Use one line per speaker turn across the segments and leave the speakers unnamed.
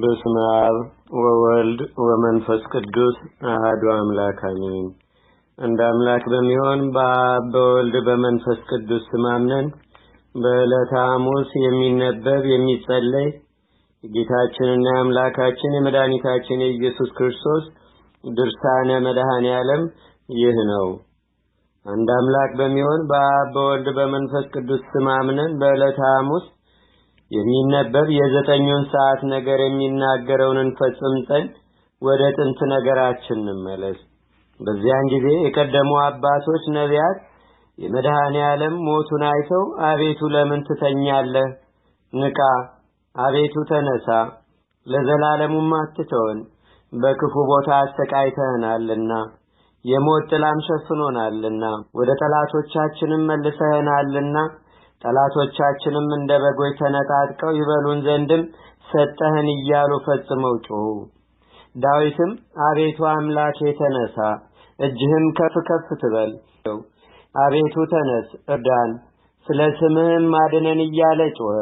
በስመ አብ ወወልድ ወመንፈስ ቅዱስ አህዱ አምላክ አሜን። እንደ አምላክ በሚሆን በአብ በወልድ በመንፈስ ቅዱስ ስም አምነን በዕለተ ሐሙስ የሚነበብ የሚጸለይ የጌታችንና አምላካችን የመድኃኒታችን የኢየሱስ ክርስቶስ ድርሳነ መድኃኔ ዓለም ይህ ነው። አንድ አምላክ በሚሆን በአብ በወልድ በመንፈስ ቅዱስ ስማምነን በዕለተ ሐሙስ የሚነበብ የዘጠኙን ሰዓት ነገር የሚናገረውን ፈጽም ወደ ጥንት ነገራችን እንመለስ። በዚያን ጊዜ የቀደሙ አባቶች ነቢያት የመድኃኔ ዓለም ሞቱን አይተው አቤቱ ለምን ትተኛለህ? ንቃ፣ አቤቱ ተነሳ፣ ለዘላለሙም አትተወን፣ በክፉ ቦታ አሰቃይተህናልና የሞት ጥላም ሸፍኖናልና ወደ ጠላቶቻችንም መልሰህናልና ጠላቶቻችንም እንደ በጎች ተነጣጥቀው ይበሉን ዘንድም ሰጠህን እያሉ ፈጽመው ጮሁ። ዳዊትም አቤቱ አምላክ የተነሳ እጅህም ከፍ ከፍ ትበል፣ አቤቱ ተነስ እርዳን፣ ስለ ስምህም አድነን እያለ ጮኸ።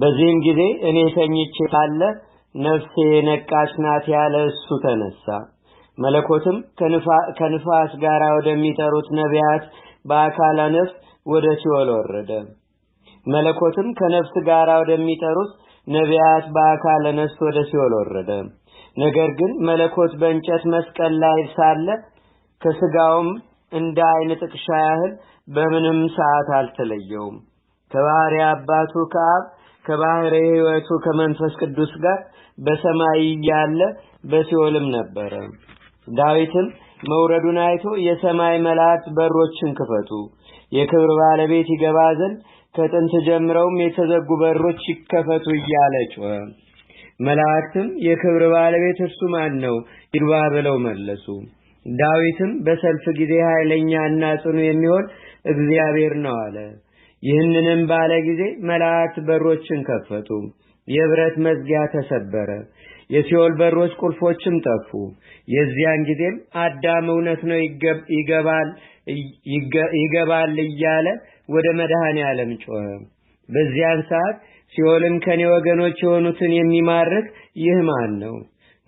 በዚህም ጊዜ እኔ ተኝቼ ሳለ ነፍሴ የነቃች ናት ያለ እሱ ተነሳ። መለኮትም ከንፋስ ጋር ወደሚጠሩት ነቢያት በአካለ ነፍስ ወደ ሲኦል ወረደ። መለኮትም ከነፍስ ጋር ወደሚጠሩት ነቢያት በአካለ ነፍስ ወደ ሲኦል ወረደ። ነገር ግን መለኮት በእንጨት መስቀል ላይ ሳለ ከስጋውም እንደ አይን ጥቅሻ ያህል በምንም ሰዓት አልተለየውም። ከባህሪ አባቱ ከአብ ከባህሪ ሕይወቱ ከመንፈስ ቅዱስ ጋር በሰማይ ያለ በሲኦልም ነበረ። ዳዊትም መውረዱን አይቶ የሰማይ መላእክት በሮችን ክፈቱ የክብር ባለቤት ይገባ ዘንድ ከጥንት ጀምረውም የተዘጉ በሮች ይከፈቱ እያለ ጮኸ። መላእክትም የክብር ባለቤት እርሱ ማን ነው ይግባ ብለው መለሱ። ዳዊትም በሰልፍ ጊዜ ኃይለኛ እና ጽኑ የሚሆን እግዚአብሔር ነው አለ። ይህንንም ባለ ጊዜ መላእክት በሮችን ከፈቱ። የብረት መዝጊያ ተሰበረ፣ የሲኦል በሮች ቁልፎችም ጠፉ። የዚያን ጊዜም አዳም እውነት ነው ይገባል ይገባል እያለ ወደ መድኃኔ ዓለም ጮኸ። በዚያን ሰዓት ሲኦልም ከኔ ወገኖች የሆኑትን የሚማርክ ይህ ማን ነው?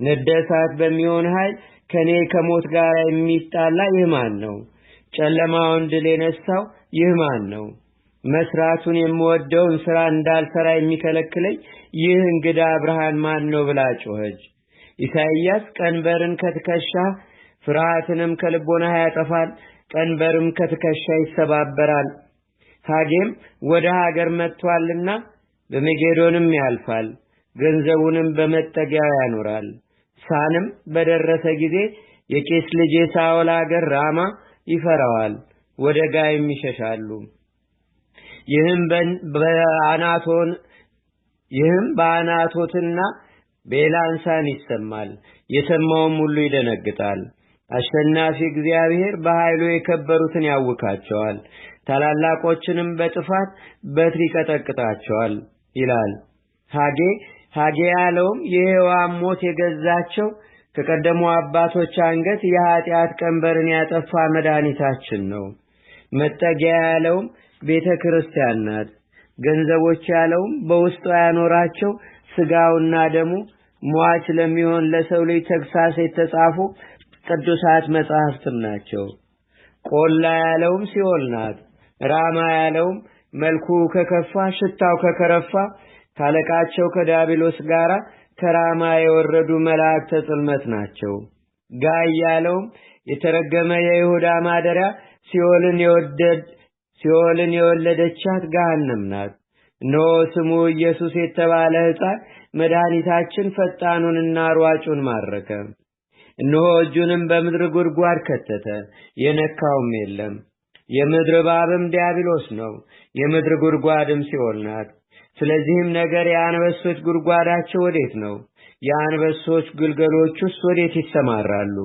ነደ እሳት በሚሆን ኃይል ከኔ ከሞት ጋር የሚጣላ ይህ ማን ነው? ጨለማውን ድል የነሳው ይህ ማን ነው? መስራቱን የምወደውን ስራ እንዳልሰራ የሚከለክለኝ ይህ እንግዳ ብርሃን ማን ነው ብላ ጮኸች። ኢሳይያስ ቀንበርን ከትከሻ ፍርሃትንም ከልቦና ያጠፋል ቀንበርም ከትከሻ ይሰባበራል። ሐጌም ወደ ሀገር መጥቷልና በመጌዶንም ያልፋል። ገንዘቡንም በመጠጊያው ያኖራል። ሳንም በደረሰ ጊዜ የቄስ ልጅ የሳኦል አገር ራማ ይፈራዋል፣ ወደ ጋይም ይሸሻሉ። ይህም በአናቶን ይህም በአናቶትና ቤላንሳን ይሰማል። የሰማውም ሁሉ ይደነግጣል። አሸናፊ እግዚአብሔር በኃይሉ የከበሩትን ያውካቸዋል፣ ታላላቆችንም በጥፋት በትር ይቀጠቅጣቸዋል ይላል ሐጌ። ሐጌ ያለውም የሔዋን ሞት የገዛቸው ከቀደሙ አባቶች አንገት የኃጢአት ቀንበርን ያጠፋ መድኃኒታችን ነው። መጠጊያ ያለውም ቤተ ክርስቲያን ናት። ገንዘቦች ያለውም በውስጧ ያኖራቸው ሥጋውና ደሙ ሟች ለሚሆን ለሰው ልጅ ተግሳስ የተጻፉ ቅዱሳት መጽሐፍትም ናቸው። ቆላ ያለውም ሲኦል ናት። ራማ ያለውም መልኩ ከከፋ ሽታው ከከረፋ ካለቃቸው ከዲያብሎስ ጋር ከራማ የወረዱ መላእክተ ጽልመት ናቸው። ጋይ ያለውም የተረገመ የይሁዳ ማደሪያ ሲኦልን የወደድ ሲኦልን የወለደቻት ገሃነም ናት። እነሆ ስሙ ኢየሱስ የተባለ ሕፃን መድኃኒታችን ፈጣኑንና ሯጩን ማረከ። እነሆ እጁንም በምድር ጉድጓድ ከተተ፣ የነካውም የለም። የምድር እባብም ዲያብሎስ ነው፣ የምድር ጉድጓድም ሲኦል ናት። ስለዚህም ነገር የአንበሶች ጉድጓዳቸው ወዴት ነው? የአንበሶች ግልገሎቹስ ወዴት ይሰማራሉ?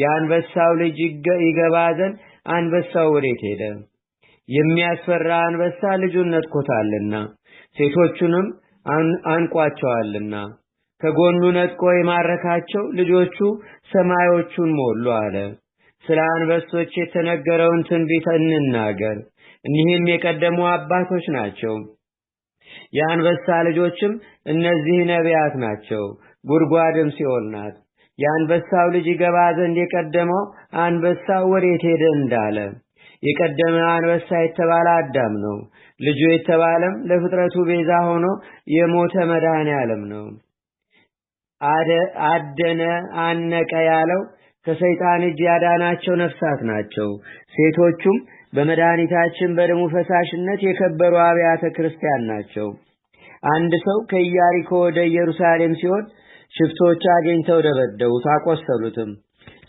የአንበሳው ልጅ ይገባ ዘንድ አንበሳው ወዴት ሄደ? የሚያስፈራ አንበሳ ልጁን ነጥቆታልና ሴቶቹንም አንቋቸዋልና ከጎኑ ነጥቆ የማረካቸው ልጆቹ ሰማዮቹን ሞሉ አለ። ስለ አንበሶች የተነገረውን ትንቢት እንናገር። እኒህም የቀደሙ አባቶች ናቸው። የአንበሳ ልጆችም እነዚህ ነቢያት ናቸው። ጉድጓድም ሲኦል ናት። የአንበሳው ልጅ ይገባ ዘንድ የቀደመው አንበሳ ወዴት ሄደ እንዳለ የቀደመ አንበሳ የተባለ አዳም ነው። ልጁ የተባለም ለፍጥረቱ ቤዛ ሆኖ የሞተ መድኃኔ ዓለም ነው። አደነ አነቀ ያለው ከሰይጣን እጅ ያዳናቸው ነፍሳት ናቸው። ሴቶቹም በመድኃኒታችን በደሙ ፈሳሽነት የከበሩ አብያተ ክርስቲያን ናቸው። አንድ ሰው ከኢያሪኮ ወደ ኢየሩሳሌም ሲሆን ሽፍቶች አግኝተው ደበደቡት፣ አቆሰሉትም።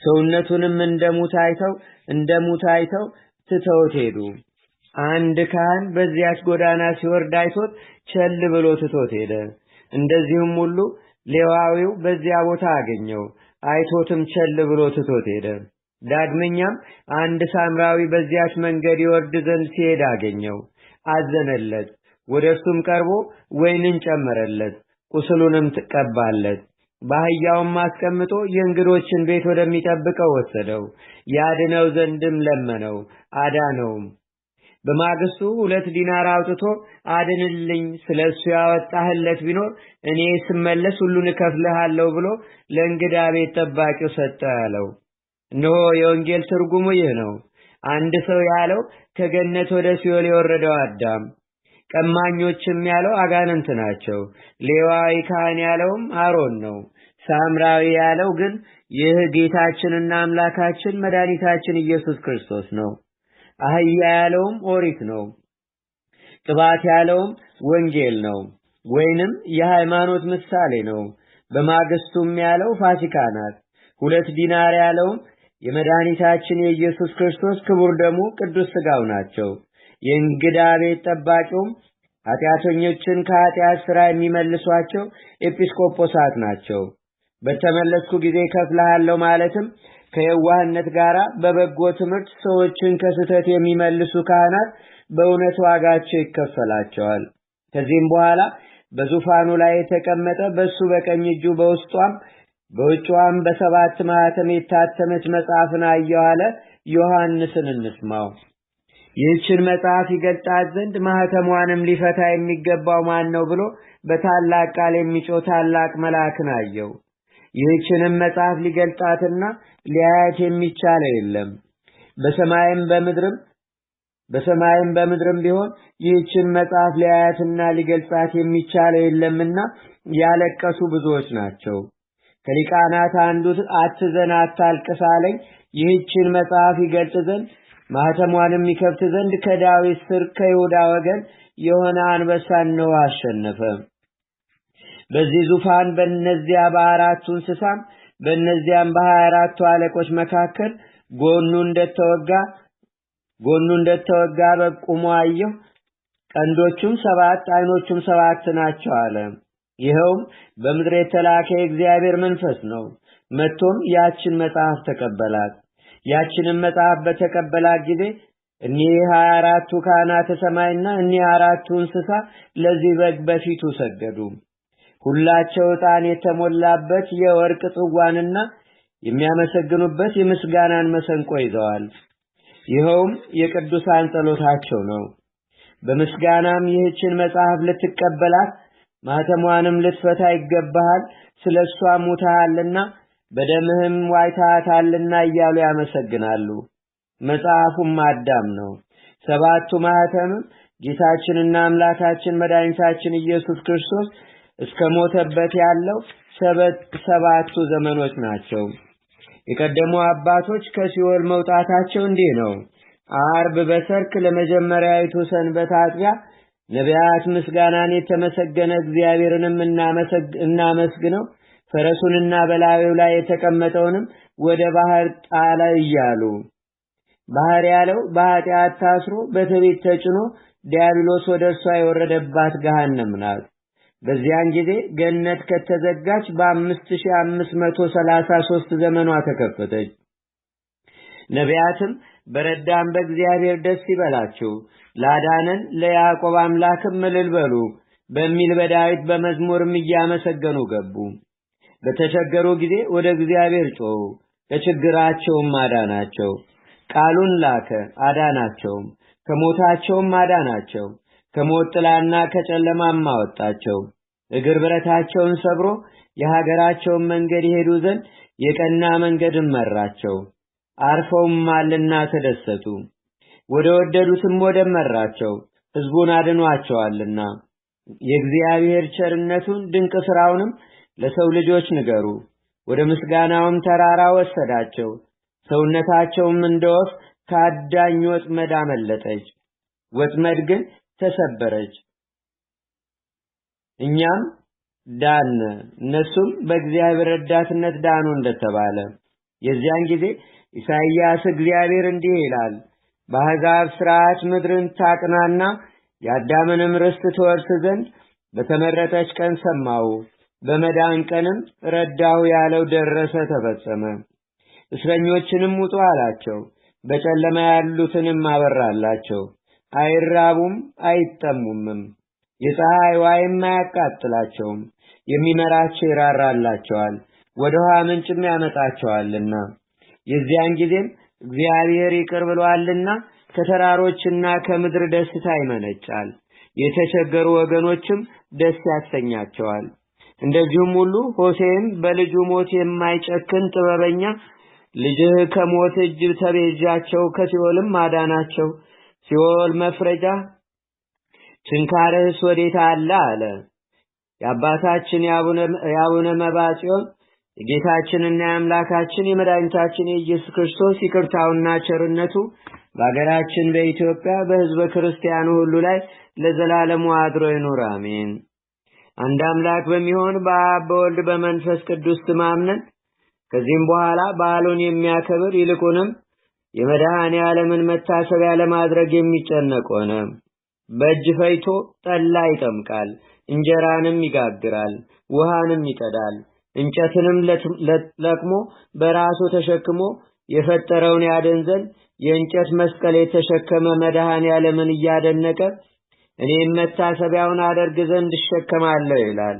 ሰውነቱንም እንደ ሙት አይተው እንደ ሙት አይተው ትተውት ሄዱ። አንድ ካህን በዚያች ጎዳና ሲወርድ አይቶት ቸል ብሎ ትቶት ሄደ። እንደዚሁም ሁሉ ሌዋዊው በዚያ ቦታ አገኘው፣ አይቶትም ቸል ብሎ ትቶት ሄደ። ዳግመኛም አንድ ሳምራዊ በዚያች መንገድ ይወርድ ዘንድ ሲሄድ አገኘው፣ አዘነለት። ወደ እርሱም ቀርቦ ወይንን ጨመረለት፣ ቁስሉንም ትቀባለት በአህያውም አስቀምጦ የእንግዶችን ቤት ወደሚጠብቀው ወሰደው፣ ያድነው ዘንድም ለመነው፣ አዳነውም። በማግስቱ ሁለት ዲናር አውጥቶ አድንልኝ ስለ እሱ ያወጣህለት ቢኖር እኔ ስመለስ ሁሉን እከፍልሃለሁ ብሎ ለእንግዳ ቤት ጠባቂው ሰጠ አለው። እነሆ የወንጌል ትርጉሙ ይህ ነው። አንድ ሰው ያለው ከገነት ወደ ሲኦል የወረደው አዳም፣ ቀማኞችም ያለው አጋንንት ናቸው። ሌዋዊ ካህን ያለውም አሮን ነው። ሳምራዊ ያለው ግን ይህ ጌታችንና አምላካችን መድኃኒታችን ኢየሱስ ክርስቶስ ነው። አህያ ያለውም ኦሪት ነው። ቅባት ያለውም ወንጌል ነው፣ ወይንም የሃይማኖት ምሳሌ ነው። በማግስቱም ያለው ፋሲካ ናት። ሁለት ዲናር ያለውም የመድኃኒታችን የኢየሱስ ክርስቶስ ክቡር ደሙ ቅዱስ ስጋው ናቸው። የእንግዳ ቤት ጠባቂውም ኃጢአተኞችን ከኃጢአት ሥራ የሚመልሷቸው ኤጲስቆጶሳት ናቸው። በተመለስኩ ጊዜ ከፍልሃለሁ ማለትም ከየዋህነት ጋር በበጎ ትምህርት ሰዎችን ከስተት የሚመልሱ ካህናት በእውነት ዋጋቸው ይከፈላቸዋል። ከዚህም በኋላ በዙፋኑ ላይ የተቀመጠ በሱ በቀኝ እጁ በውስጧም በውጭዋም በሰባት ማኅተም የታተመች መጽሐፍን አየሁ ዮሐንስን እንስማው። ይህችን መጽሐፍ ይገልጣት ዘንድ ማኅተሟንም ሊፈታ የሚገባው ማን ነው ብሎ በታላቅ ቃል የሚጮህ ታላቅ መልአክን አየው። ይህችንም መጽሐፍ ሊገልጣትና ሊያያት የሚቻለ የለም። በሰማይም በምድርም በሰማይም በምድርም ቢሆን ይህችን መጽሐፍ ሊያያትና ሊገልጻት የሚቻለ የለምና ያለቀሱ ብዙዎች ናቸው። ከሊቃናት አንዱ አትዘን አታልቅስ ይህችን መጽሐፍ ይገልጽ ዘንድ ማኅተሟንም ይከፍት ዘንድ ከዳዊት ስር ከይሁዳ ወገን የሆነ አንበሳ ነው አሸነፈ። በዚህ ዙፋን በእነዚያ በአራቱ እንስሳም በእነዚያም በሀያ አራቱ አለቆች መካከል ጎኑ እንደተወጋ ጎኑ እንደተወጋ በግ አየሁ። ቀንዶቹም ሰባት አይኖቹም ሰባት ናቸው አለ። ይኸውም በምድር የተላከ የእግዚአብሔር መንፈስ ነው። መጥቶም ያችን መጽሐፍ ተቀበላት። ያችንም መጽሐፍ በተቀበላት ጊዜ እኒህ ሀያ አራቱ ካህናተ ሰማይና እኒህ አራቱ እንስሳ ለዚህ በግ በፊቱ ሰገዱ። ሁላቸው ዕጣን የተሞላበት የወርቅ ጽዋንና የሚያመሰግኑበት የምስጋናን መሰንቆ ይዘዋል። ይኸውም የቅዱሳን ጸሎታቸው ነው። በምስጋናም ይህችን መጽሐፍ ልትቀበላት ማተሟንም ልትፈታ ይገባሃል፣ ስለ እሷ ሙታሃልና በደምህም ዋይታታልና እያሉ ያመሰግናሉ። መጽሐፉም አዳም ነው። ሰባቱ ማኅተምም ጌታችንና አምላካችን መድኃኒታችን ኢየሱስ ክርስቶስ እስከ ሞተበት ያለው ሰባቱ ዘመኖች ናቸው። የቀደሙ አባቶች ከሲኦል መውጣታቸው እንዲህ ነው። አርብ በሰርክ ለመጀመሪያይቱ ሰንበት አጥቢያ ነቢያት ምስጋናን የተመሰገነ እግዚአብሔርንም እናመስግነው ፈረሱንና በላዩ ላይ የተቀመጠውንም ወደ ባህር ጣለ እያሉ ባህር ያለው በኃጢአት ታስሮ በትዕቢት ተጭኖ ዲያብሎስ ወደ እርሷ የወረደባት ገሃነም ናት። በዚያን ጊዜ ገነት ከተዘጋች በ5533 ዘመኗ ተከፈተች። ነቢያትም በረዳን በእግዚአብሔር ደስ ይበላችሁ፣ ላዳነን ለያዕቆብ አምላክም እልል በሉ በሚል በዳዊት በመዝሙርም እያመሰገኑ ገቡ። በተቸገሩ ጊዜ ወደ እግዚአብሔር ጮኹ፣ ከችግራቸውም አዳናቸው። ቃሉን ላከ አዳናቸውም፣ ከሞታቸውም አዳናቸው። ከሞት ጥላና ከጨለማም አወጣቸው። እግር ብረታቸውን ሰብሮ የሀገራቸውን መንገድ ይሄዱ ዘንድ የቀና መንገድን መራቸው። ማልና ተደሰቱ። ወደ ወደዱትም ወደ መራቸው ሕዝቡን አድኗቸዋልና የእግዚአብሔር ቸርነቱን ድንቅ ሥራውንም ለሰው ልጆች ንገሩ። ወደ ምስጋናውም ተራራ ወሰዳቸው። ሰውነታቸውም እንደ ወፍ ከአዳኝ ወጥመድ አመለጠች። ወጥመድ ግን ተሰበረች። እኛም ዳን፣ እነሱም በእግዚአብሔር ረዳትነት ዳኑ እንደተባለ። የዚያን ጊዜ ኢሳይያስ እግዚአብሔር እንዲህ ይላል፣ በአሕዛብ ሥርዓት ምድርን ታቅናና የአዳምንም ርስት ትወርስ ዘንድ በተመረጠች ቀን ሰማው በመዳን ቀንም ረዳሁ ያለው ደረሰ ተፈጸመ። እስረኞችንም ውጡ አላቸው፣ በጨለማ ያሉትንም አበራላቸው። አይራቡም፣ አይጠሙምም። የፀሐይ ዋይም አያቃጥላቸውም። የሚመራቸው ይራራላቸዋል፣ ወደ ውሃ ምንጭም ያመጣቸዋልና የዚያን ጊዜም እግዚአብሔር ይቅር ብሏልና ከተራሮችና ከምድር ደስታ ይመነጫል። የተቸገሩ ወገኖችም ደስ ያሰኛቸዋል። እንደዚሁም ሁሉ ሆሴዕም በልጁ ሞት የማይጨክን ጥበበኛ ልጅህ ከሞት እጅ ተቤዣቸው፣ ከሲኦልም አዳናቸው ሲኦል መፍረጃ ችንካርህስ ወዴት አለ አለ። የአባታችን የአቡነ መብዓ ጽዮን የጌታችንና የአምላካችን የመድኃኒታችን የኢየሱስ ክርስቶስ ይቅርታውና ቸርነቱ በአገራችን በኢትዮጵያ በሕዝበ ክርስቲያኑ ሁሉ ላይ ለዘላለሙ አድሮ ይኑር፣ አሜን። አንድ አምላክ በሚሆን በአብ በወልድ በመንፈስ ቅዱስ ስም ከዚህም በኋላ በዓሉን የሚያከብር ይልቁንም የመድኃኔ ዓለምን መታሰቢያ ለማድረግ የሚጨነቅ ሆነ። በእጅ ፈይቶ ጠላ ይጠምቃል፣ እንጀራንም ይጋግራል፣ ውሃንም ይቀዳል። እንጨትንም ለቅሞ በራሱ ተሸክሞ የፈጠረውን ያደን ዘንድ የእንጨት መስቀል የተሸከመ መድኃኔ ዓለምን እያደነቀ እኔም መታሰቢያውን አደርግ ዘንድ እሸከማለሁ ይላል።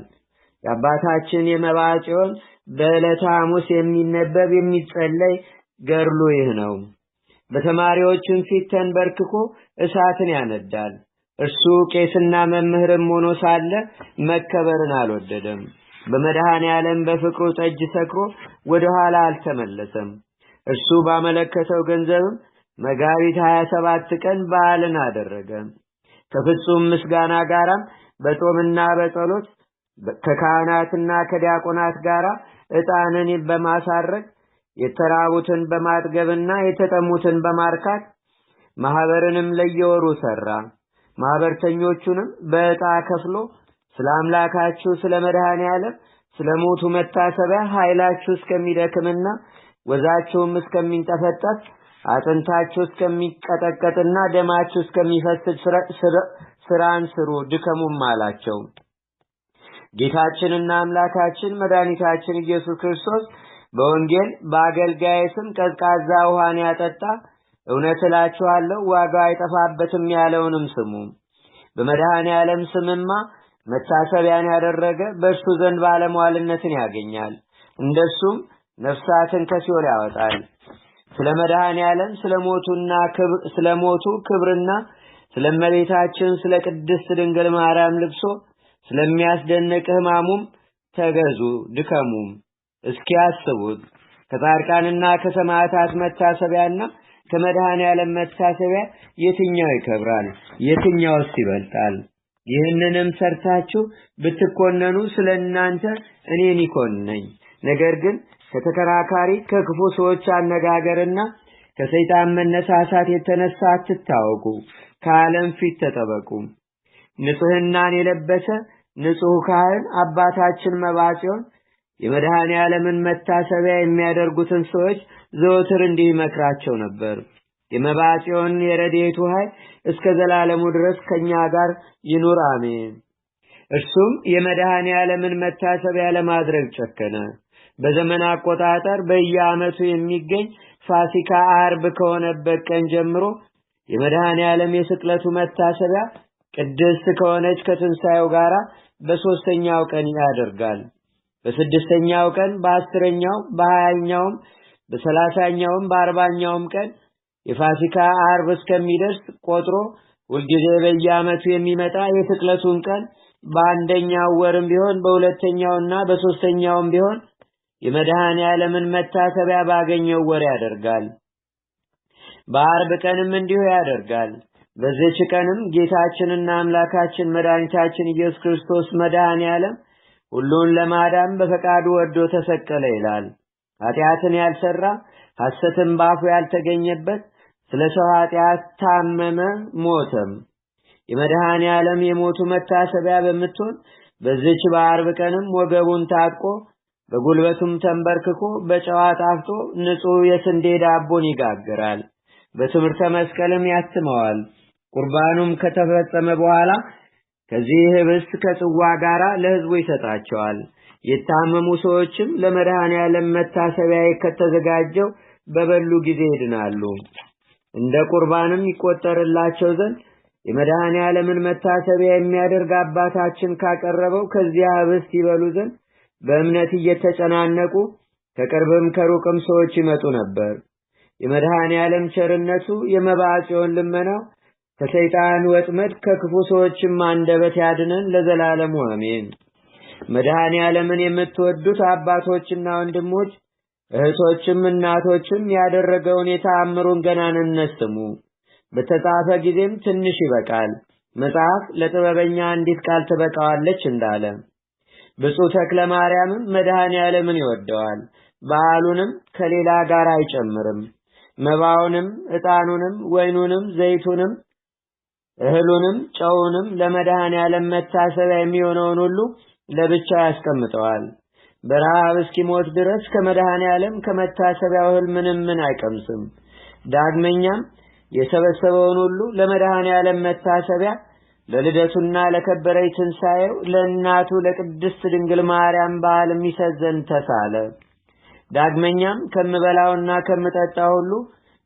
የአባታችን የመባ ጽዮን በዕለተ ሐሙስ የሚነበብ የሚጸለይ ገድሉ ይህ ነው። በተማሪዎችም ፊት ተንበርክኮ እሳትን ያነዳል። እርሱ ቄስና መምህርም ሆኖ ሳለ መከበርን አልወደደም። በመድኃኔ ዓለም በፍቅሩ ጠጅ ሰክሮ ወደ ኋላ አልተመለሰም። እርሱ ባመለከተው ገንዘብም መጋቢት 27 ቀን በዓልን አደረገ። ከፍጹም ምስጋና ጋራም በጾምና በጸሎት ከካህናትና ከዲያቆናት ጋራ ዕጣንን በማሳረግ የተራቡትን በማጥገብና የተጠሙትን በማርካት ማህበርንም ለየወሩ ሰራ። ማህበርተኞቹንም በዕጣ ከፍሎ ስለ አምላካችሁ ስለ መድኃኔ ዓለም ስለ ሞቱ መታሰቢያ ኃይላችሁ እስከሚደክምና ወዛችሁም እስከሚንጠፈጠፍ አጥንታችሁ እስከሚቀጠቀጥና ደማችሁ እስከሚፈስድ ስራን ስሩ ድከሙም አላቸው። ጌታችንና አምላካችን መድኃኒታችን ኢየሱስ ክርስቶስ በወንጌል በአገልጋይ ስም ቀዝቃዛ ውሃን ያጠጣ እውነት እላችኋለሁ ዋጋው አይጠፋበትም ያለውንም ስሙ። በመድኃኔ ዓለም ስምማ መታሰቢያን ያደረገ በእርሱ ዘንድ ባለሟልነትን ያገኛል። እንደሱም ነፍሳትን ከሲኦል ያወጣል። ስለ መድኃኔ ዓለም ስለ ስለሞቱ ክብርና ስለ እመቤታችን ስለ ቅድስት ድንግል ማርያም ልብሶ ስለሚያስደንቅ ሕማሙም ተገዙ ድከሙም እስኪያስቡት ከጻድቃንና ከሰማዕታት መታሰቢያና ከመድኃኔ ያለም መታሰቢያ የትኛው ይከብራል? የትኛውስ ይበልጣል? ይህንንም ሰርታችሁ ብትኮነኑ ስለ እናንተ እኔን ይኮንነኝ። ነገር ግን ከተከራካሪ ከክፉ ሰዎች አነጋገርና ከሰይጣን መነሳሳት የተነሳ አትታወቁ፣ ከዓለም ፊት ተጠበቁ። ንጽህናን የለበሰ ንጹሕ ካህን አባታችን መባጽዮን የመድኃኔ ዓለምን መታሰቢያ የሚያደርጉትን ሰዎች ዘወትር እንዲህ መክራቸው ነበር። የመባጽዮን የረዴቱ የረድኤቱ ኃይል እስከ ዘላለሙ ድረስ ከኛ ጋር ይኑር አሜን። እርሱም የመድኃኔ ዓለምን መታሰቢያ ለማድረግ ጨከነ። በዘመን አቆጣጠር በየዓመቱ የሚገኝ ፋሲካ አርብ ከሆነበት ቀን ጀምሮ የመድኃኔ ዓለም የስቅለቱ መታሰቢያ ቅድስት ከሆነች ከትንሣኤው ጋር በሦስተኛው ቀን ያደርጋል። በስድስተኛው ቀን በአስረኛው በሀያኛውም በሰላሳኛውም በአርባኛውም ቀን የፋሲካ አርብ እስከሚደርስ ቆጥሮ ሁልጊዜ በየዓመቱ የሚመጣ የስቅለቱን ቀን በአንደኛው ወርም ቢሆን በሁለተኛውና በሶስተኛውም ቢሆን የመድኃኔ ዓለምን መታሰቢያ ባገኘው ወር ያደርጋል። በአርብ ቀንም እንዲሁ ያደርጋል። በዚች ቀንም ጌታችንና አምላካችን መድኃኒታችን ኢየሱስ ክርስቶስ መድኃኔ ዓለም ሁሉን ለማዳን በፈቃዱ ወዶ ተሰቀለ ይላል። ኃጢአትን ያልሰራ ሐሰትን በአፉ ያልተገኘበት ስለ ሰው ኃጢአት ታመመ ሞተም። የመድኃኔ ዓለም የሞቱ መታሰቢያ በምትሆን በዚች በአርብ ቀንም ወገቡን ታጥቆ በጉልበቱም ተንበርክኮ በጨዋ ጣፍጦ ንጹሕ የስንዴ ዳቦን ይጋግራል። በትምህርተ መስቀልም ያትመዋል። ቁርባኑም ከተፈጸመ በኋላ ከዚህ ህብስት ከጽዋ ጋር ለህዝቡ ይሰጣቸዋል። የታመሙ ሰዎችም ለመድኃኔ ዓለም መታሰቢያ ከተዘጋጀው በበሉ ጊዜ ይድናሉ። እንደ ቁርባንም ይቆጠርላቸው ዘንድ የመድኃኔ ዓለምን መታሰቢያ የሚያደርግ አባታችን ካቀረበው ከዚያ ህብስት ይበሉ ዘንድ በእምነት እየተጨናነቁ ከቅርብም ከሩቅም ሰዎች ይመጡ ነበር። የመድኃኔ ቸርነቱ የመባዓ ጽዮን ልመናው ከሰይጣን ወጥመድ ከክፉ ሰዎችም አንደበት ያድነን ለዘላለሙ አሜን። መድኃኔ ዓለምን የምትወዱት አባቶችና ወንድሞች እህቶችም እናቶችም ያደረገውን የተአምሩን ገናንነት ስሙ። በተጻፈ ጊዜም ትንሽ ይበቃል፣ መጽሐፍ ለጥበበኛ አንዲት ቃል ትበቃዋለች እንዳለ ብፁዕ ተክለ ማርያምም መድኃኔ ዓለምን ይወደዋል። በዓሉንም ከሌላ ጋር አይጨምርም። መባውንም ዕጣኑንም ወይኑንም ዘይቱንም እህሉንም ጨውንም ለመድኃኔዓለም መታሰቢያ የሚሆነውን ሁሉ ለብቻ ያስቀምጠዋል። በረሃብ እስኪሞት ድረስ ከመድኃኔዓለም ከመታሰቢያው እህል ምንም ምን አይቀምስም። ዳግመኛም የሰበሰበውን ሁሉ ለመድኃኔዓለም መታሰቢያ ለልደቱና ለከበረይ ትንሣኤው ለእናቱ ለቅድስት ድንግል ማርያም በዓል የሚሰዘን ተሳለ። ዳግመኛም ከምበላውና ከምጠጣው ሁሉ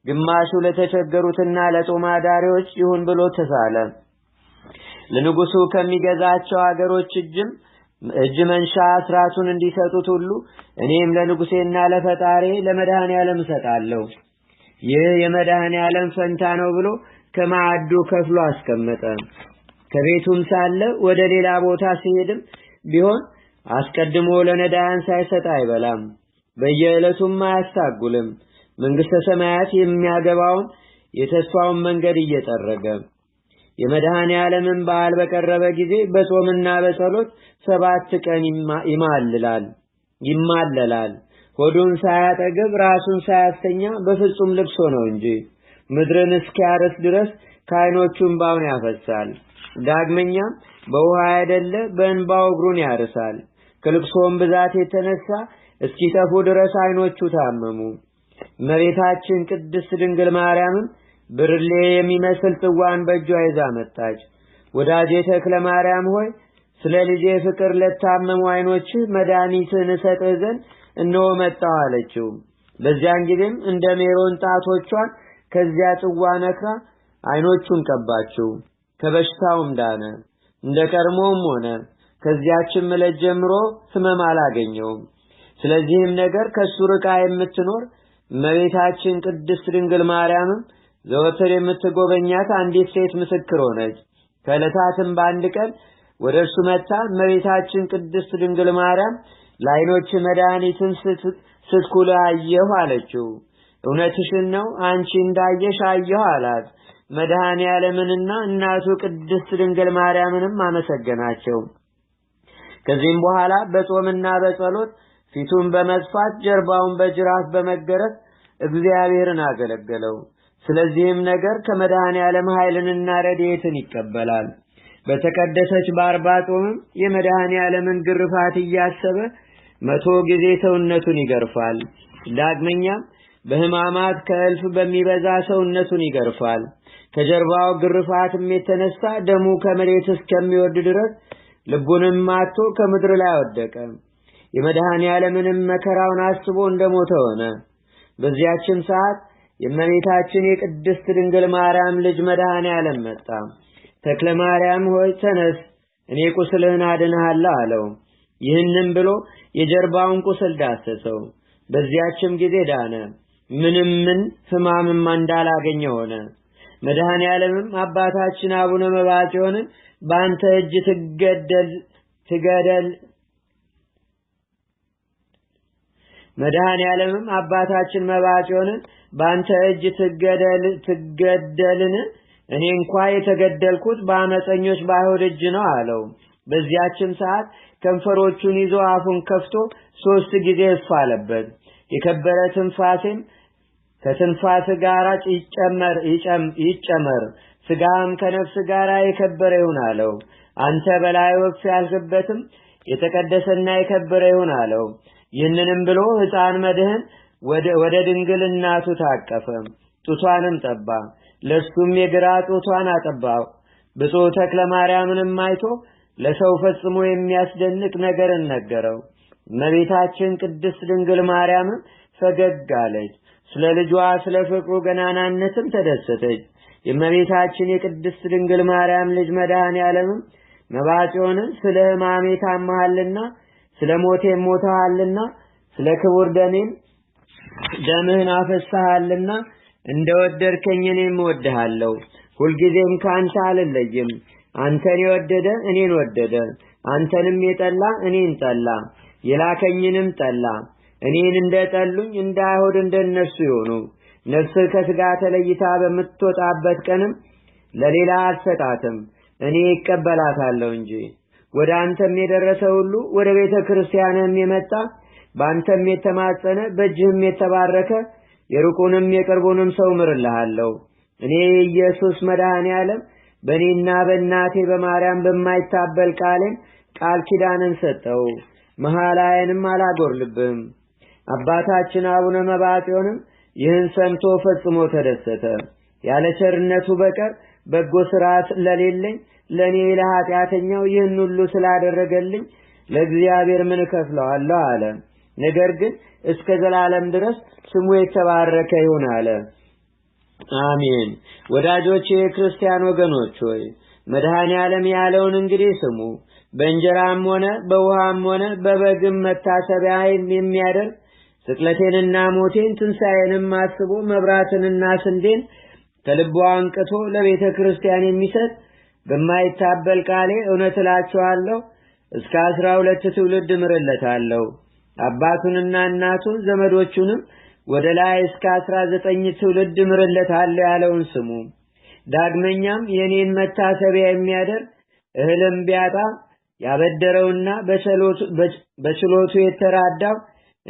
ግማሹ ለተቸገሩትና ለጾማ ዳሪዎች ይሁን ብሎ ተሳለ። ለንጉሱ ከሚገዛቸው አገሮች እጅም እጅ መንሻ አስራቱን እንዲሰጡት ሁሉ እኔም ለንጉሴና ለፈጣሬ ለመድኃኔ ዓለም እሰጣለሁ። ይህ የመድኃኔ ዓለም ፈንታ ነው ብሎ ከማዕዱ ከፍሎ አስቀመጠ። ከቤቱም ሳለ ወደ ሌላ ቦታ ሲሄድም ቢሆን አስቀድሞ ለነዳያን ሳይሰጥ አይበላም፣ በየዕለቱም አያስታጉልም። መንግሥተ ሰማያት የሚያገባውን የተስፋውን መንገድ እየጠረገ የመድኃኔ ዓለምን በዓል በቀረበ ጊዜ በጾምና በጸሎት ሰባት ቀን ይማልላል ይማለላል። ሆዱን ሳያጠግብ ራሱን ሳያስተኛ በፍጹም ልብሶ ነው እንጂ ምድርን እስኪያርስ ድረስ ከዓይኖቹ እንባውን ያፈሳል። ዳግመኛም በውሃ አይደለ በእንባው እግሩን ያርሳል። ከልብሶም ብዛት የተነሳ እስኪጠፉ ድረስ ዓይኖቹ ታመሙ። መቤታችን ቅድስት ድንግል ማርያምም ብርሌ የሚመስል ጽዋን በእጇ ይዛ መጣች። ወዳጄ ተክለ ማርያም ሆይ ስለ ልጄ ፍቅር ለታመሙ ዓይኖችህ መድኃኒትን እሰጥህ ዘንድ እነሆ መጣሁ አለችው። በዚያን ጊዜም እንደ ሜሮን ጣቶቿን ከዚያ ጽዋ ነክራ ዓይኖቹን ቀባችው። ከበሽታውም ዳነ፣ እንደ ቀድሞም ሆነ። ከዚያችም ዕለት ጀምሮ ሕመም አላገኘውም። ስለዚህም ነገር ከእሱ ርቃ የምትኖር እመቤታችን ቅድስት ድንግል ማርያምም ዘወትር የምትጎበኛት አንዲት ሴት ምስክር ሆነች። ከዕለታትም በአንድ ቀን ወደ እርሱ መጥታ እመቤታችን ቅድስት ድንግል ማርያም ለዓይኖች መድኃኒትን ስትኩል አየሁ አለችው። እውነትሽን ነው አንቺ እንዳየሽ አየሁ አላት። መድኃኔ ዓለምንና እናቱ ቅድስት ድንግል ማርያምንም አመሰገናቸው። ከዚህም በኋላ በጾምና በጸሎት ፊቱን በመጥፋት ጀርባውን በጅራፍ በመገረፍ እግዚአብሔርን አገለገለው። ስለዚህም ነገር ከመድኃኔ ዓለም ኃይልንና ረድኤትን ይቀበላል። በተቀደሰች በአርባጦምም የመድኃኔ ዓለምን ግርፋት እያሰበ መቶ ጊዜ ሰውነቱን ይገርፋል። ዳግመኛም በሕማማት ከእልፍ በሚበዛ ሰውነቱን ይገርፋል። ከጀርባው ግርፋትም የተነሳ ደሙ ከመሬት እስከሚወርድ ድረስ ልቡንም አጥቶ ከምድር ላይ ወደቀ። የመድኃኔ ዓለምንም መከራውን አስቦ እንደሞተ ሆነ። በዚያችም ሰዓት የእመቤታችን የቅድስት ድንግል ማርያም ልጅ መድኃኔ ዓለም መጣ። ተክለ ማርያም ሆይ ተነስ፣ እኔ ቁስልህን አድንሃለሁ አለው። ይህንም ብሎ የጀርባውን ቁስል ዳሰሰው። በዚያችም ጊዜ ዳነ፣ ምንም ምን ሕማምም እንዳላገኘ ሆነ። መድኃኔ ዓለምም አባታችን አቡነ መባጽዮንን በአንተ እጅ ትገደል ትገደል መድኃኔዓለምም አባታችን መባጮንን በአንተ እጅ ትገደልን? እኔ እንኳ የተገደልኩት በአመፀኞች በአይሁድ እጅ ነው አለው። በዚያችም ሰዓት ከንፈሮቹን ይዞ አፉን ከፍቶ ሶስት ጊዜ እፍ አለበት። የከበረ ትንፋሴም ከትንፋስ ጋር ይጨመር ይጨመር፣ ስጋም ከነፍስ ጋር የከበረ ይሁን አለው። አንተ በላይ ወፍ ያልክበትም የተቀደሰና የከበረ ይሁን አለው። ይህንንም ብሎ ህፃን መድህን ወደ ድንግል እናቱ ታቀፈ፣ ጡቷንም ጠባ። ለሱም የግራ ጡቷን አጠባው። ብፁዕ ተክለ ማርያምንም አይቶ ለሰው ፈጽሞ የሚያስደንቅ ነገርን ነገረው። እመቤታችን ቅድስት ድንግል ማርያምም ፈገግ አለች። ስለ ልጇ ስለ ፍቅሩ ገናናነትም ተደሰተች። የእመቤታችን የቅድስት ድንግል ማርያም ልጅ መድኃኔ ዓለምም መባጽዮንን ስለ ሕማሜ ታመሃልና ስለ ሞቴ ሞተሃልና ስለ ክቡር ደሜም ደምህን አፈሳሃልና እንደወደድከኝ እኔም እወድሃለሁ። ሁልጊዜም ከአንተ አልለይም። አንተን የወደደ እኔን ወደደ፣ አንተንም የጠላ እኔን ጠላ፣ የላከኝንም ጠላ። እኔን እንደጠሉኝ እንደ አይሁድ እንደነሱ ይሆኑ። ነፍስህ ከስጋ ተለይታ በምትወጣበት ቀንም ለሌላ አትሰጣትም፣ እኔ ይቀበላታለሁ እንጂ ወደ አንተም የደረሰ ሁሉ ወደ ቤተ ክርስቲያንህም የመጣ በአንተም የተማጸነ በእጅህም የተባረከ የሩቁንም የቅርቡንም ሰው ምርልሃለሁ። እኔ ኢየሱስ መድኃኔ ዓለም በእኔና በእናቴ በማርያም በማይታበል ቃሌን ቃል ኪዳንን ሰጠው። መሐላዬንም አላጎርልብም። አባታችን አቡነ መባጽዮንም ይህን ሰምቶ ፈጽሞ ተደሰተ። ያለ ቸርነቱ በቀር በጎ ስራ ስለሌለኝ ለኔ ለኃጢአተኛው ይህን ሁሉ ስላደረገልኝ ለእግዚአብሔር ምን እከፍለዋለሁ አለ። ነገር ግን እስከ ዘላለም ድረስ ስሙ የተባረከ ይሁን አለ። አሜን። ወዳጆቼ የክርስቲያን ወገኖች ሆይ መድኃኔ ዓለም ያለውን እንግዲህ ስሙ። በእንጀራም ሆነ በውሃም ሆነ በበግም መታሰቢያ የሚያደርግ ስቅለቴንና ሞቴን ትንሣኤንም አስቦ መብራትንና ስንዴን ከልቧ አንቅቶ ለቤተ ክርስቲያን የሚሰጥ በማይታበል ቃሌ እውነት እላችኋለሁ እስከ አስራ ሁለት ትውልድ እምርለታለሁ። አባቱንና እናቱን ዘመዶቹንም ወደ ላይ እስከ አስራ ዘጠኝ ትውልድ እምርለታለሁ ያለውን ስሙ። ዳግመኛም የኔን መታሰቢያ የሚያደርግ እህልም ቢያጣ ያበደረውና በችሎቱ የተራዳው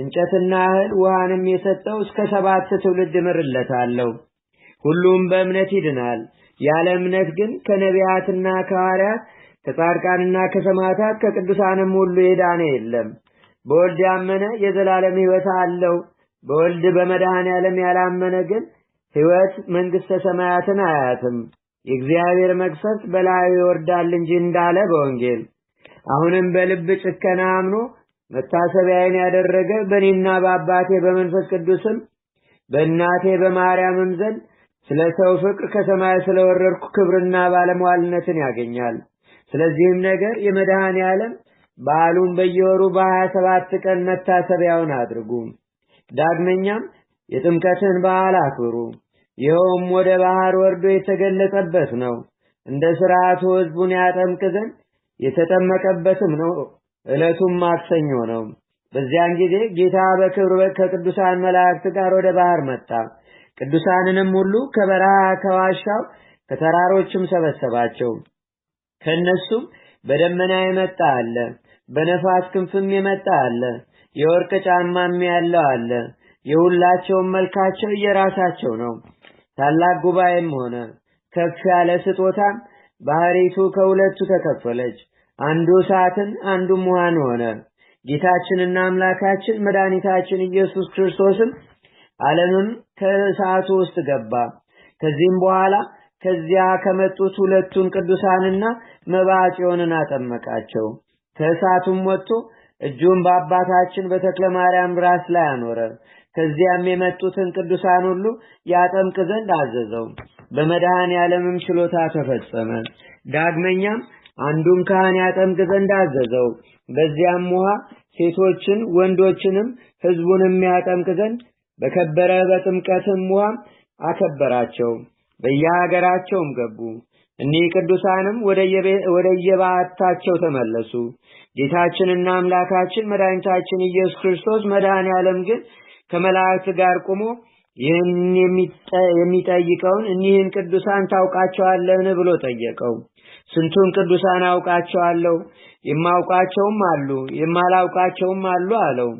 እንጨትና እህል ውሃንም የሰጠው እስከ ሰባት ትውልድ እምርለታለሁ። ሁሉም በእምነት ይድናል። ያለ እምነት ግን ከነቢያትና ከሐዋርያት ከጻድቃንና ከሰማዕታት ከቅዱሳንም ሁሉ የዳነ የለም። በወልድ ያመነ የዘላለም ሕይወት አለው። በወልድ በመድኃኔ ያለም ያላመነ ግን ሕይወት መንግሥተ ሰማያትን አያትም። የእግዚአብሔር መቅሰፍት በላዩ ይወርዳል እንጂ እንዳለ በወንጌል አሁንም በልብ ጭከና አምኖ መታሰቢያዬን ያደረገ በእኔና በአባቴ በመንፈስ ቅዱስም በእናቴ በማርያምም ዘንድ ስለ ሰው ፍቅር ከሰማይ ስለወረድኩ ክብርና ባለመዋልነትን ያገኛል። ስለዚህም ነገር የመድኃኔ ዓለም በዓሉን በየወሩ በሀያ ሰባት ቀን መታሰቢያውን አድርጉ። ዳግመኛም የጥምቀትን በዓል አክብሩ። ይኸውም ወደ ባህር ወርዶ የተገለጸበት ነው። እንደ ስርዓቱ ሕዝቡን ያጠምቅ ዘንድ የተጠመቀበትም ነው። ዕለቱም ማክሰኞ ነው። በዚያን ጊዜ ጌታ በክብር ከቅዱሳን መላእክት ጋር ወደ ባህር መጣ። ቅዱሳንንም ሁሉ ከበረሃ ከዋሻው ከተራሮችም ሰበሰባቸው። ከነሱም በደመና የመጣ አለ፣ በነፋስ ክንፍም የመጣ አለ፣ የወርቅ ጫማም ያለው አለ። የሁላቸውም መልካቸው የራሳቸው ነው። ታላቅ ጉባኤም ሆነ። ከፍ ያለ ስጦታም ባህሪቱ ከሁለቱ ተከፈለች። አንዱ እሳትን አንዱም ውሃን ሆነ። ጌታችንና አምላካችን መድኃኒታችን ኢየሱስ ክርስቶስም ዓለምም ከእሳቱ ውስጥ ገባ። ከዚህም በኋላ ከዚያ ከመጡት ሁለቱን ቅዱሳንና መባ አጠመቃቸው። ከእሳቱም ወጥቶ እጁን በአባታችን በተክለ ማርያም ራስ ላይ አኖረ። ከዚያም የመጡትን ቅዱሳን ሁሉ ያጠምቅ ዘንድ አዘዘው። በመድኃኔ ዓለምም ችሎታ ተፈጸመ። ዳግመኛም አንዱን ካህን ያጠምቅ ዘንድ አዘዘው። በዚያም ውሃ ሴቶችን ወንዶችንም ሕዝቡንም ያጠምቅ ዘንድ በከበረ በጥምቀትም ውሃ አከበራቸው። በየሀገራቸውም ገቡ። እኒህ ቅዱሳንም ወደ የበዓታቸው ተመለሱ። ጌታችንና አምላካችን መድኃኒታችን ኢየሱስ ክርስቶስ መድኃኔ ዓለም ግን ከመላእክት ጋር ቆሞ ይህን የሚጠይቀውን እኒህን ቅዱሳን ታውቃቸዋለህን ብሎ ጠየቀው። ስንቱን ቅዱሳን አውቃቸዋለሁ፣ የማውቃቸውም አሉ፣ የማላውቃቸውም አሉ አለው።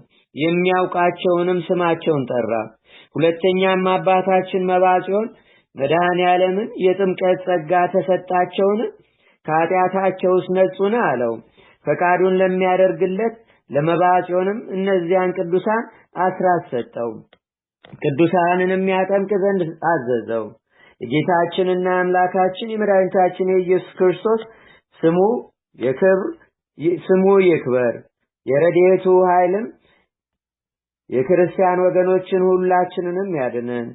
የሚያውቃቸውንም ስማቸውን ጠራ። ሁለተኛም አባታችን መባጽዮን መድኃኔ ዓለምን የጥምቀት ጸጋ ተሰጣቸውን ከኃጢአታቸውስ ነጹን አለው። ፈቃዱን ለሚያደርግለት ለመባጽዮንም እነዚያን ቅዱሳን አስራት ሰጠው። ቅዱሳንንም ያጠምቅ ዘንድ አዘዘው። የጌታችንና አምላካችን የመድኃኒታችን የኢየሱስ ክርስቶስ ስሙ የክብር ስሙ ይክበር የረድኤቱ ኃይልም የክርስቲያን ወገኖችን ሁላችንንም ያድነን።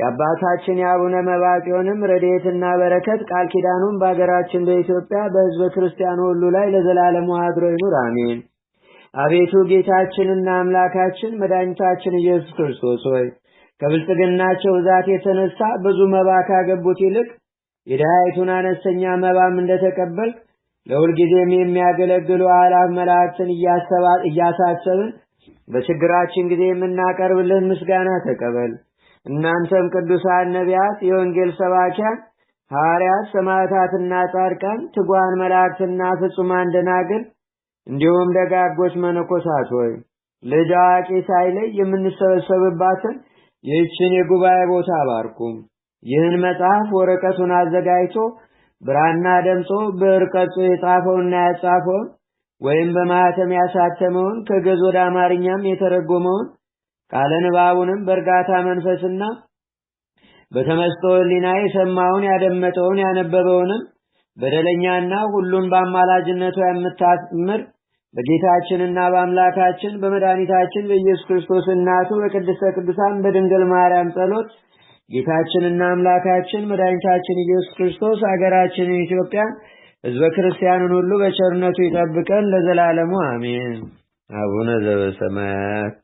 የአባታችን የአቡነ መብዓ ጽዮንም ረድኤትና በረከት ቃል ኪዳኑን በአገራችን በኢትዮጵያ በሕዝበ ክርስቲያኑ ሁሉ ላይ ለዘላለሙ አድሮ ይኑር፣ አሜን። አቤቱ ጌታችንና አምላካችን መድኃኒታችን ኢየሱስ ክርስቶስ ሆይ ከብልጽግናቸው ብዛት የተነሳ ብዙ መባ ካገቡት ይልቅ የድሃይቱን አነስተኛ መባም እንደተቀበልክ ለሁልጊዜም የሚያገለግሉ አእላፍ መላእክትን እያሳሰብን በችግራችን ጊዜ የምናቀርብልን ምስጋና ተቀበል። እናንተም ቅዱሳን ነቢያት፣ የወንጌል ሰባኪያን ሐዋርያት፣ ሰማዕታትና ጻድቃን፣ ትጓን መላእክትና ፍጹማን ደናግል እንዲሁም ደጋጎች መነኮሳት ሆይ ልጅ አዋቂ ሳይለይ የምንሰበሰብባትን ይህችን የጉባኤ ቦታ አባርኩም። ይህን መጽሐፍ ወረቀቱን አዘጋጅቶ ብራና ደምጾ ብዕር ቀርጾ የጻፈውና ያጻፈውን ወይም በማኅተም ያሳተመውን ከገዝ ወደ አማርኛም የተረጎመውን ቃለ ንባቡንም በእርጋታ መንፈስና በተመስጦ ሕሊና የሰማውን ያደመጠውን ያነበበውንም በደለኛና ሁሉን በአማላጅነቱ የምታምር በጌታችንና በአምላካችን በመድኃኒታችን በኢየሱስ ክርስቶስ እናቱ በቅድስተ ቅዱሳን በድንግል ማርያም ጸሎት ጌታችንና አምላካችን መድኃኒታችን ኢየሱስ ክርስቶስ አገራችንን ኢትዮጵያን ህዝበ ክርስቲያንን ሁሉ በቸርነቱ ይጠብቀን ለዘላለሙ አሜን። አቡነ ዘበሰማያት